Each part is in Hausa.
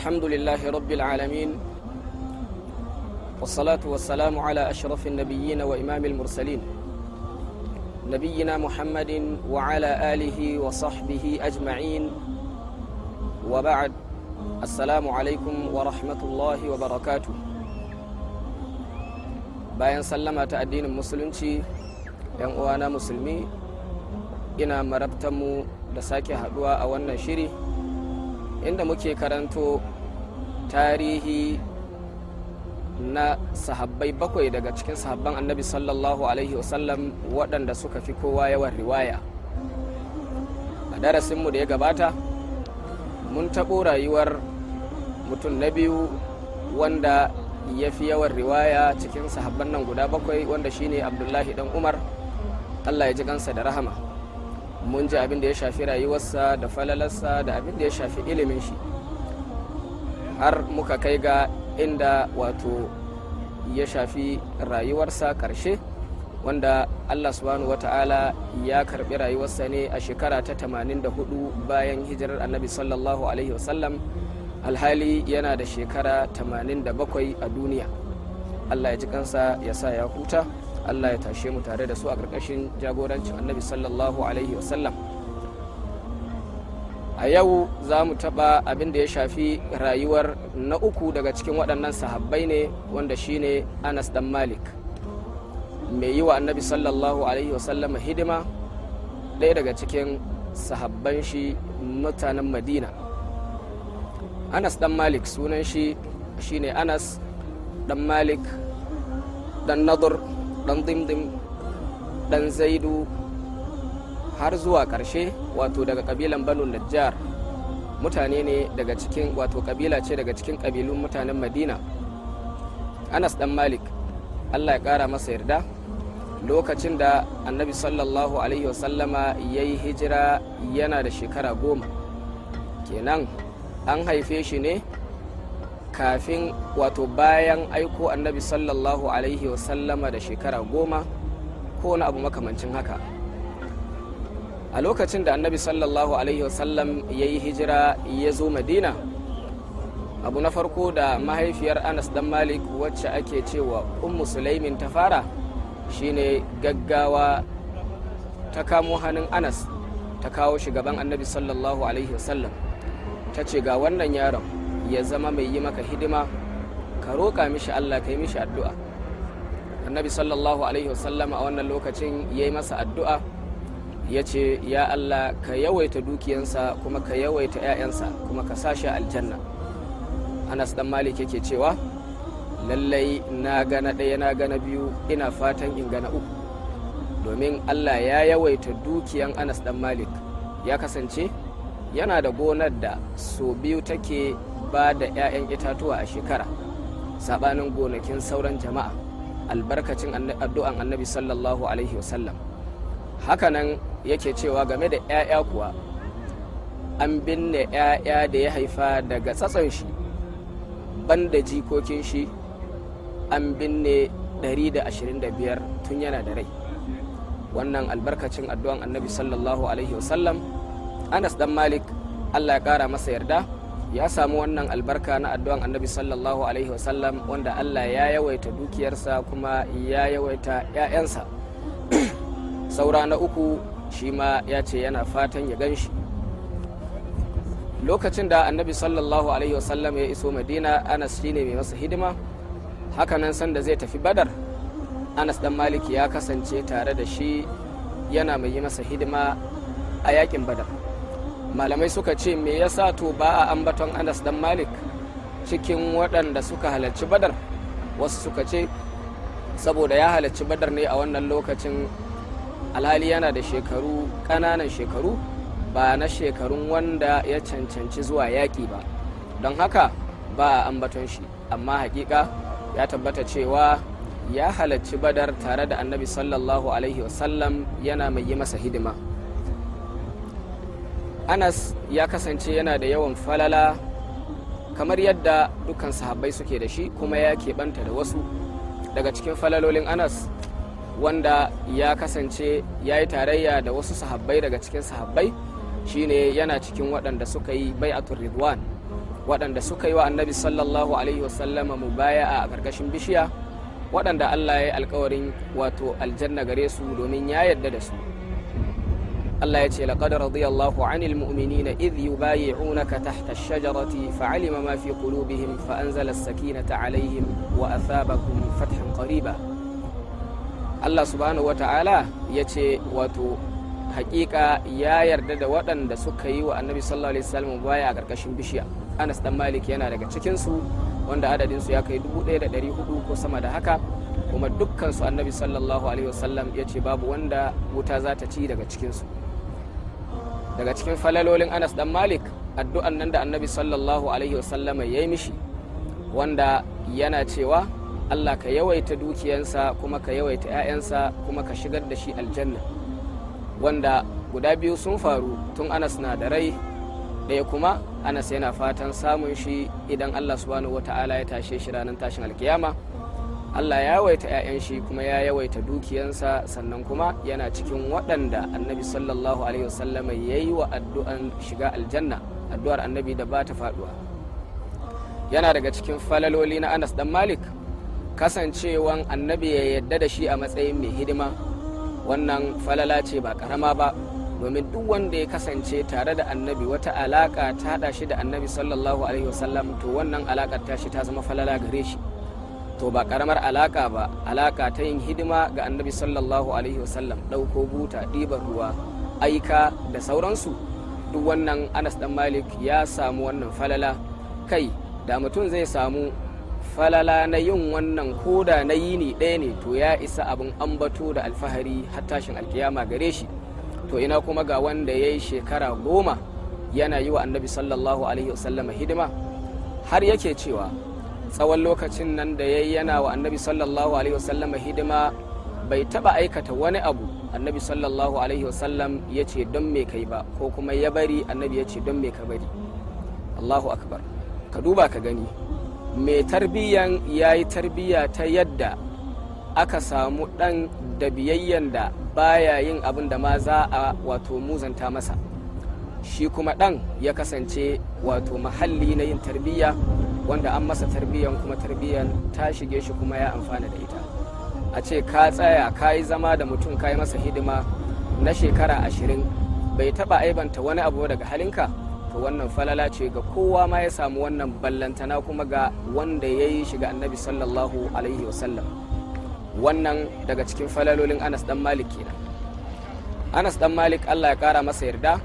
الحمد لله رب العالمين والصلاة والسلام على أشرف النبيين وإمام المرسلين نبينا محمد وعلى آله وصحبه أجمعين وبعد السلام عليكم ورحمة الله وبركاته bayan sallama ta addinin musulunci yan uwana musulmi ina marabtanmu da sake haduwa a wannan shiri inda muke karanto tarihi na sahabbai bakwai daga cikin sahabban annabi sallallahu alaihi wasallam waɗanda suka fi kowa yawan riwaya a darasinmu da ya gabata mun taɓo rayuwar mutum na biyu wanda ya fi yawan riwaya cikin sahabban nan guda bakwai wanda shine abdullahi dan umar allah ya ji gansa da rahama mun ji abin da ya shafi rayuwarsa da falalarsa da abin da ya shafi ilimin shi har muka kai ga inda wato ya shafi rayuwarsa karshe wanda allah subhanahu ta'ala ya karbi rayuwarsa ne a shekara ta 84 bayan hijirar annabi sallallahu alaihi wasallam alhali yana da shekara 87 a duniya allah ya ji kansa ya sa ya huta Allah ya tashe mu tare da su a ƙarƙashin jagorancin annabi sallallahu alaihi wasallam a yau za mu taɓa abin da ya shafi rayuwar na uku daga cikin waɗannan sahabbai ne wanda shine anas dan malik mai yi wa annabi sallallahu alaihi wasallam hidima ɗaya daga cikin sahabban shi mutanen madina anas dan malik sunan shi shine anas dan malik dan nadur dan dimdim dan zaidu har zuwa ƙarshe wato daga ƙabilan banu najjar mutane ne daga cikin wato kabila ce daga cikin ƙabilun mutanen madina anas dan malik allah ya ƙara masa yarda lokacin da annabi sallallahu alaihi wasallama ya yi hijira yana da shekara goma kenan an haife shi ne kafin wato bayan aiko annabi sallallahu alaihi wasallama da shekara goma ko wani abu makamancin haka a lokacin da annabi sallallahu alaihi wasallam ya yi hijira ya zo madina abu na farko da mahaifiyar anas dan malik wacce ake cewa ummu sulaimin ta fara shine gaggawa ta kamo hannun anas ta kawo shi gaban annabi sallallahu alaihi wasallam ta ce ga wannan yaron ya zama mai yi maka hidima ka roƙa mishi Allah ka yi mishi addu'a annabi sallallahu alaihi wasallama a wannan lokacin ya yi masa addu'a ya ce ya Allah ka yawaita dukiyansa kuma ka yawaita 'ya'yansa kuma ka sashi aljanna anas dan malik yake cewa lallai na gana ɗaya na gana biyu ina fatan in gana uku domin Allah ya yawaita dukiyan anas dan malik ya kasance yana da gonar da so biyu take ba da 'ya'yan itatuwa a shekara sabanin gonakin sauran jama'a albarkacin addu'an annabi sallallahu alaihi wasallam hakanan yake cewa game da 'ya'ya kuwa an binne 'ya'ya da ya haifa daga tsatson shi banda jikokin shi an binne 125 tun yana da rai wannan albarkacin addu'an annabi sallallahu alaihi wasallam anas dan malik allah ya kara masa yarda ya samu wannan albarka na addu'an annabi sallallahu alaihi wasallam wanda allah ya yawaita dukiyarsa kuma ya yawaita 'ya'yansa saura na uku shi ma ya ce yana fatan ya gan shi lokacin da annabi sallallahu alaihi wasallam ya iso madina anas shine mai masa hidima hakanan sanda zai tafi badar anas dan maliki ya kasance tare da shi yana mai masa hidima a yakin badar malamai suka ce me yasa to ba a ambaton anas dan malik cikin waɗanda suka halarci badar wasu suka ce saboda ya halarci badar ne a wannan lokacin alhali yana da shekaru ƙananan shekaru ba na shekarun wanda ya cancanci zuwa yaƙi ba don haka ba a ambaton shi amma hakika ya tabbata cewa ya halarci badar tare da annabi sallallahu alaihi wasallam yana mai yi masa hidima. anas ya kasance yana da yawan falala kamar yadda dukkan sahabbai suke da shi kuma ya keɓanta da wasu daga cikin falalolin anas wanda ya kasance ya yi tarayya da wasu sahabbai daga cikin sahabbai shine yana cikin waɗanda suka yi bai'atul ridwan waɗanda suka yi wa annabi sallallahu alaihi wasallama baya a ƙarƙashin bishiya waɗanda allah ya yi alkawarin wato aljanna gare su domin ya yarda da su Allah ya ce laqad radiyallahu 'anil mu'minina idh bayi tahta ash-shajarati fa'alima ma fi qulubihim fa anzala as-sakinata 'alayhim wa athabakum fathan qariba Allah subhanahu ta'ala ya ce wato hakika ya yarda da waɗanda suka yi wa annabi sallallahu alaihi wasallam baya a ƙarƙashin bishiya Anas dan Malik yana daga cikin su wanda adadin su ya kai 1400 ko sama da haka kuma dukkan su annabi sallallahu alaihi wasallam ya ce babu wanda wuta za ta ci daga cikinsu. daga cikin falalolin anas dan malik addu'an nan da annabi sallallahu alaihi wasallama ya yi mishi wanda yana cewa allah ka yawaita dukiyansa kuma ka yawaita 'ya'yansa kuma ka shigar da shi aljanna wanda guda biyu sun faru tun anas na da rai ɗaya kuma anas yana fatan samun shi idan allah subhanahu wata'ala ya tashe shi ranar tashin alkiyama Allah ya yawaita 'ya'yan shi kuma ya yawaita dukiyansa sannan kuma yana cikin waɗanda annabi sallallahu alaihi wasallam ya yi wa addu'an shiga aljanna addu'ar annabi da ba ta faɗuwa yana daga cikin falaloli na anas dan malik kasancewan annabi ya yadda da shi a matsayin mai hidima wannan falala ce ba karama ba domin duk wanda ya kasance tare da annabi wata alaka ta haɗa da annabi sallallahu alaihi wasallam to wannan alakar ta shi ta zama falala gare shi to ba karamar alaka ba alaka ta yin hidima ga annabi sallallahu alaihi wasallam ɗauko buta ɗiban ruwa aika da sauransu duk wannan anas dan malik ya samu wannan falala kai da mutum zai samu falala na yin wannan koda na yi ni ɗaya ne to ya isa abin ambato da alfahari har tashin alkiyama gare shi to ina kuma ga wanda ya yi shekara goma yana yi wa annabi sallallahu alaihi wasallama hidima har yake cewa tsawon lokacin nan da yayi yana wa annabi sallallahu alaihi wasallam hidima bai taba aikata wani abu annabi sallallahu alaihi wasallam ya ce don me kai ba ko kuma ya bari annabi ya ce don me ka bari allahu akbar ka duba ka gani mai tarbiyyan ya yi tarbiyya ta yadda aka samu ɗan da biyayyan da baya yin abin da ma za a wato muzanta masa shi kuma ɗan ya kasance wato mahalli na yin tarbiyya wanda an masa tarbiyyan kuma tarbiyyan ta shige shi kuma ya amfana da ita a ce ka tsaya ka yi zama da mutum ka yi masa hidima na shekara ashirin bai taba aibanta wani abu daga halinka to wannan falala ce ga kowa ma ya samu wannan ballantana kuma ga wanda ya yi shiga annabi sallallahu alaihi wasallam wannan daga cikin falalolin anas dan malik kenan anas dan malik allah ya kara masa yarda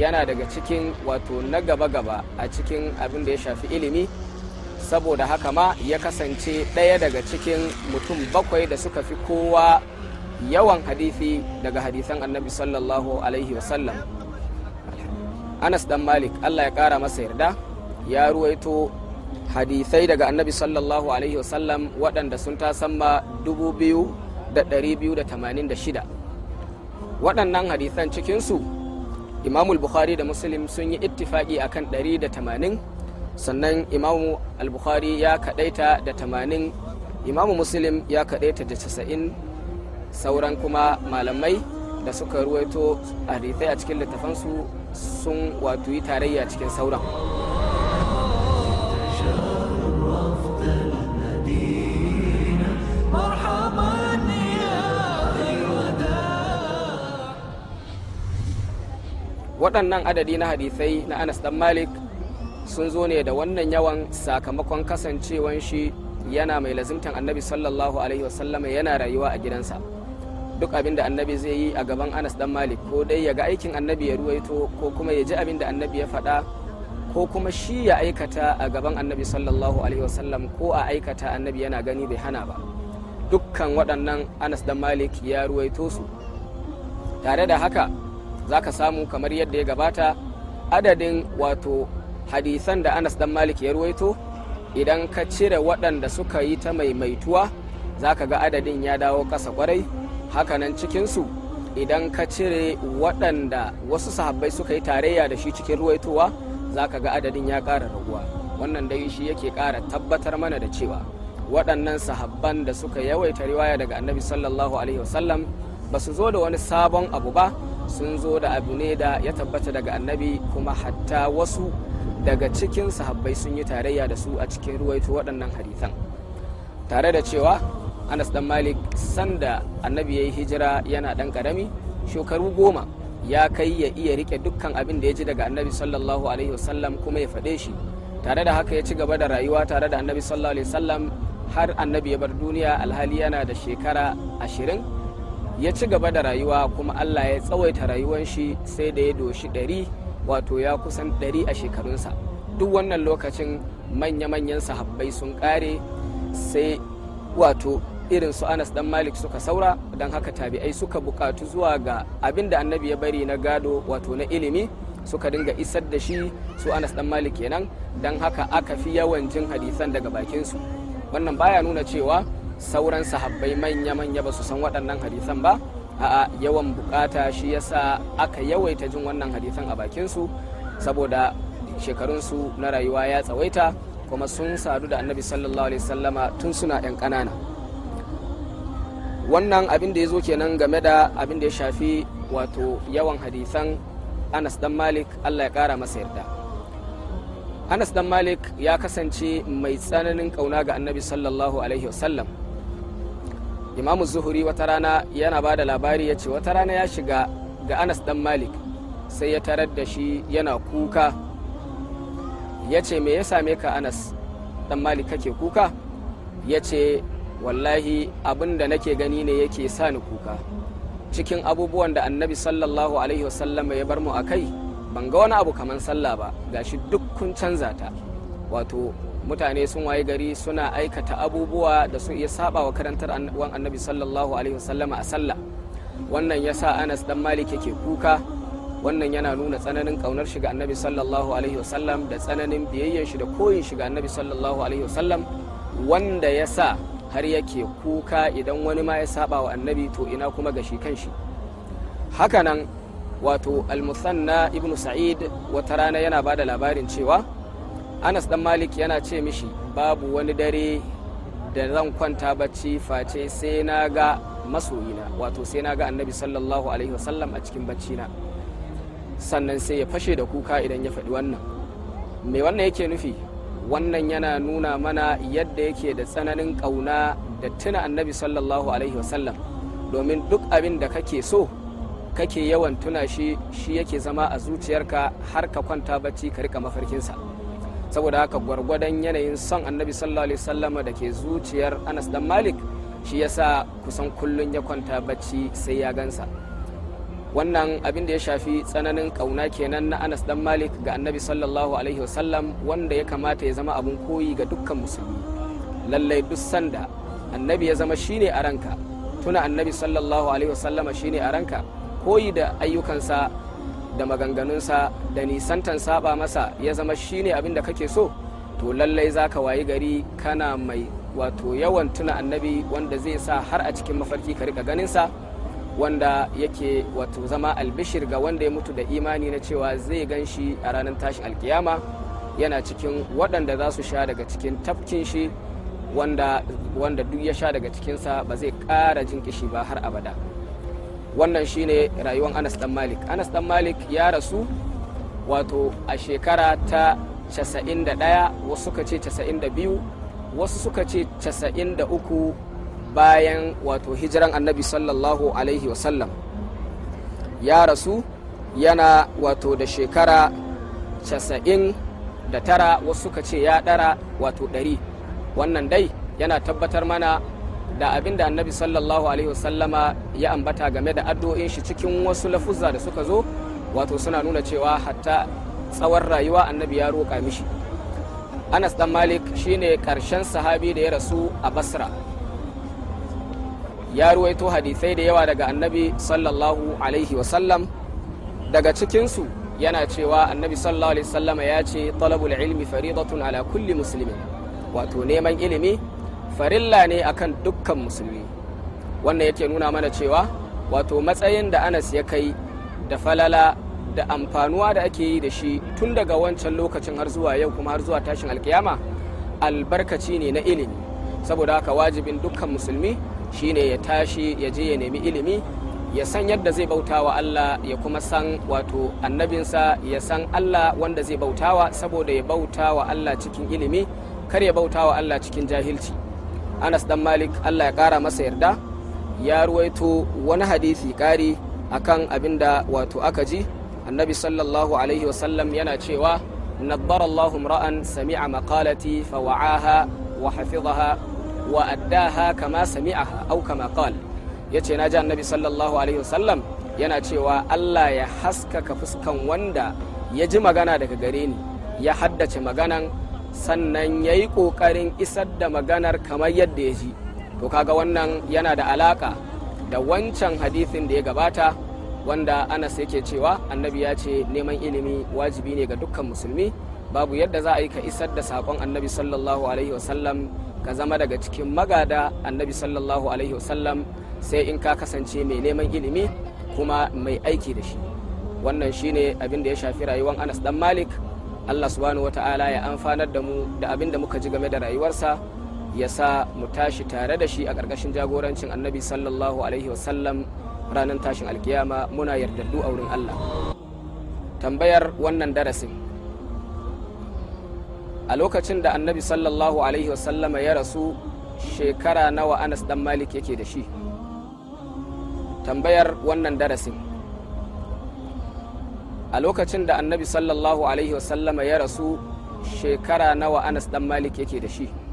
yana daga cikin wato na gaba-gaba a cikin abin da ya shafi ilimi saboda haka ma ya kasance ɗaya daga cikin mutum bakwai da suka fi kowa yawan hadithi daga hadithan annabi sallallahu alaihi wasallam anas dan malik allah ya kara masa yarda ya ruwaito hadithai daga annabi sallallahu alaihi wasallam waɗanda sun tasamma 2,286 waɗannan hadithan cikinsu imamul bukhari da muslim sun yi ittifaƙi akan 180 sannan imamu al-bukhari ya kadaita da tamanin imamu muslim ya kadaita da casa'in sauran kuma malamai da suka ruwaito hadisai a cikin littafansu sun wato yi tarayya cikin sauran waɗannan adadi na hadisai na anas dan malik sun zo ne da wannan yawan sakamakon kasancewan shi yana mai lazimtan annabi sallallahu alaihi wasallam yana rayuwa a gidansa duk abin da annabi zai yi a gaban anas dan malik ko dai ya ga aikin annabi ya ruwaito ko kuma ya ji abin da annabi ya faɗa ko kuma shi ya aikata a gaban annabi sallallahu alaihi wasallam ko a aikata annabi yana gani bai hana ba dukkan waɗannan anas dan malik ya ruwaito su tare da haka zaka samu kamar yadda ya gabata adadin wato hadisan da anas dan malik ya ruwaito idan ka cire waɗanda suka yi ta maimaituwa za ka ga adadin ya dawo ƙasa kwarai hakanan cikinsu idan ka cire waɗanda wasu sahabbai suka yi tarayya da shi cikin ruwaitowa za ka ga adadin ya ƙara raguwa wannan dai shi yake ƙara tabbatar mana da cewa waɗannan sahabban da suka yawaita riwaya daga annabi sallallahu alaihi wasallam ba su zo da wani sabon abu ba sun zo da abu ne da ya tabbata daga annabi kuma hatta wasu daga cikin sahabbai sun yi tarayya da su a cikin ruwaito waɗannan hadithan tare da cewa anas dan malik sanda annabi ya yi hijira yana ɗan ƙarami shekaru goma ya kai ya iya rike dukkan abin da ya ji daga annabi sallallahu alaihi wasallam kuma ya faɗe shi tare da haka ya ci gaba da rayuwa tare da annabi sallallahu alaihi wasallam har annabi ya bar duniya alhali yana da shekara ashirin ya ci gaba da rayuwa kuma allah ya tsawaita rayuwar shi sai da ya doshi ɗari wato ya kusan ɗari a shekarunsa duk wannan lokacin manya-manyan sahabbai sun kare sai wato irin su anas dan malik suka saura don haka tabi'ai suka bukatu zuwa ga abin da annabi ya bari na gado wato na ilimi suka dinga isar da shi su anas dan malik kenan don haka aka fi yawan jin hadisan daga bakinsu wannan baya nuna cewa sauran sahabbai manya-manya ba su san waɗannan hadisan ba a'a yawan bukata shi yasa aka yawaita jin wannan hadisan a bakinsu saboda shekarunsu na rayuwa ya tsawaita kuma sun sadu da annabi sallallahu alaihi sallama tun suna 'yan ƙanana wannan abin da ya zo kenan game da abin da ya shafi wato yawan hadisan anas dan malik allah ya kara masa yarda anas dan malik ya kasance mai tsananin kauna ga annabi sallallahu alaihi wasallam imamu zuhuri wata rana yana ba da labari ya ce wata rana ya shiga ga anas dan malik sai ya tarar da shi yana kuka ya ce me ya same ka anas dan malik kake kuka ya ce wallahi abin da nake gani ne yake sa ni kuka cikin abubuwan da annabi sallallahu alaihi wasallam ya bar mu a kai ban ga wani abu kamar sallah ba gashi duk kun canza ta wato mutane sun waye gari suna aikata abubuwa da su iya saba wa karantar wan annabi sallallahu alaihi wasallama a sallah wannan ya sa anas dan malik yake kuka wannan yana nuna tsananin kaunar shiga annabi sallallahu alaihi wasallam da tsananin biyayyar shi da koyin shiga annabi sallallahu alaihi wasallam wanda ya sa har yake kuka idan wani ma ya saba wa annabi to ina kuma gashi kan shi kanshi hakanan wato al-musanna ibnu sa'id wata rana yana bada labarin cewa anas dan malik yana ce mishi babu wani dare da zan kwanta bacci face sai na ga masoyina wato sai na ga annabi sallallahu alaihi wasallam a cikin bacci na sannan sai ya fashe da kuka idan ya faɗi wannan me wannan yake nufi wannan yana nuna mana yadda yake da tsananin ƙauna da tuna annabi sallallahu alaihi wasallam domin duk abin da kake so kake yawan tuna shi shi yake zama a zuciyarka har ka kwanta bacci ka rika mafarkinsa saboda haka gwargwadon yanayin son annabi sallallahu alaihi sallama da ke zuciyar anas dan malik shi yasa kusan kullun ya kwanta bacci sai ya gansa wannan abin da ya shafi tsananin kauna kenan na anas dan malik ga annabi sallallahu alaihi wasallam wanda ya kamata ya zama abin koyi ga dukkan musulmi lallai duk sanda annabi ya zama shine a ranka tuna annabi sallallahu alaihi wasallama shine a ranka koyi da ayyukansa da maganganunsa da nisantan saba masa ya zama shine abin da kake so to lallai za ka wayi gari kana mai wato yawan tuna annabi wanda zai sa har a cikin mafarki ka rika ganinsa wanda yake wato zama albishir ga wanda ya mutu da imani na cewa zai gan shi a ranar tashin alkiyama yana cikin waɗanda za su sha daga cikin tafkin shi wanda, duk ya sha daga cikinsa ba zai ƙara jin kishi ba har abada wannan shine rayuwar anas dan malik anas dan malik ya rasu wato a shekara ta 91 wasu suka ce 92 wasu suka ce 93 bayan wato hijiran annabi sallallahu alaihi wasallam ya rasu yana wato da shekara 99 wasu suka ce ya dara wato 100 wannan dai yana tabbatar mana da abin da annabi sallallahu alaihi wasallama ya ambata game da addu'o'in shi cikin wasu lafuzza da suka zo wato suna nuna cewa hatta tsawon rayuwa annabi ya roƙa mishi anas dan malik shine karshen sahabi da ya rasu a basra ya ruwaito hadisai da yawa daga annabi sallallahu alaihi wasallam daga cikinsu yana cewa annabi sallallahu alaihi wasallama ya ce talabul ilmi faridatun ala kulli muslimin wato neman ilimi farilla ne akan dukkan musulmi wannan yake nuna mana cewa wato matsayin da anas ya kai da falala da amfanuwa da ake yi da shi tun daga wancan lokacin har zuwa yau kuma har zuwa tashin alkiyama albarkaci ne na ilimi saboda haka wajibin dukkan musulmi shine ya tashi ya je ya nemi ilimi ya san yadda zai bautawa Allah ya kuma san wato annabinsa ya san Allah wanda zai bautawa saboda ya bautawa Allah cikin ilimi kar ya bautawa Allah cikin jahilci anas dan malik allah ya kara masa yarda ya ruwaito wani hadisi kari akan abin da wato aka ji annabi sallallahu alaihi wasallam yana cewa نبر الله امرأ سمع مقالتي فوعاها wa وأداها kama سمعها أو كما قال yace na ji annabi sallallahu alaihi wasallam yana cewa Allah ya haskaka fuskan wanda ya ji magana daga gare ni ya haddace maganan sannan ya yi ƙoƙarin isar da maganar kamar yadda ya ji to kaga wannan yana da alaƙa da wancan hadithin da ya gabata wanda anas yake cewa annabi ya ce neman ilimi wajibi ne ga dukkan musulmi babu yadda za a yi ka isar da saƙon annabi sallallahu alaihi wasallam ka zama daga cikin magada annabi sallallahu alaihi wasallam sai in ka kasance mai neman ilimi kuma mai aiki da shi wannan shine abin da ya shafi rayuwar anas dan malik Allah subhanahu ta'ala ya amfanar da mu da abin da muka ji game da rayuwarsa ya sa mu tashi tare da shi a ƙarƙashin jagorancin annabi sallallahu alaihi wasallam ranar tashin alkiyama muna yardaddu a wurin Allah tambayar wannan darasin a lokacin da annabi sallallahu alaihi sallam ya rasu shekara nawa anas dan malik yake da shi tambayar wannan darasin a lokacin da annabi sallallahu alaihi wasallama ya rasu shekara nawa anas dan malik yake da shi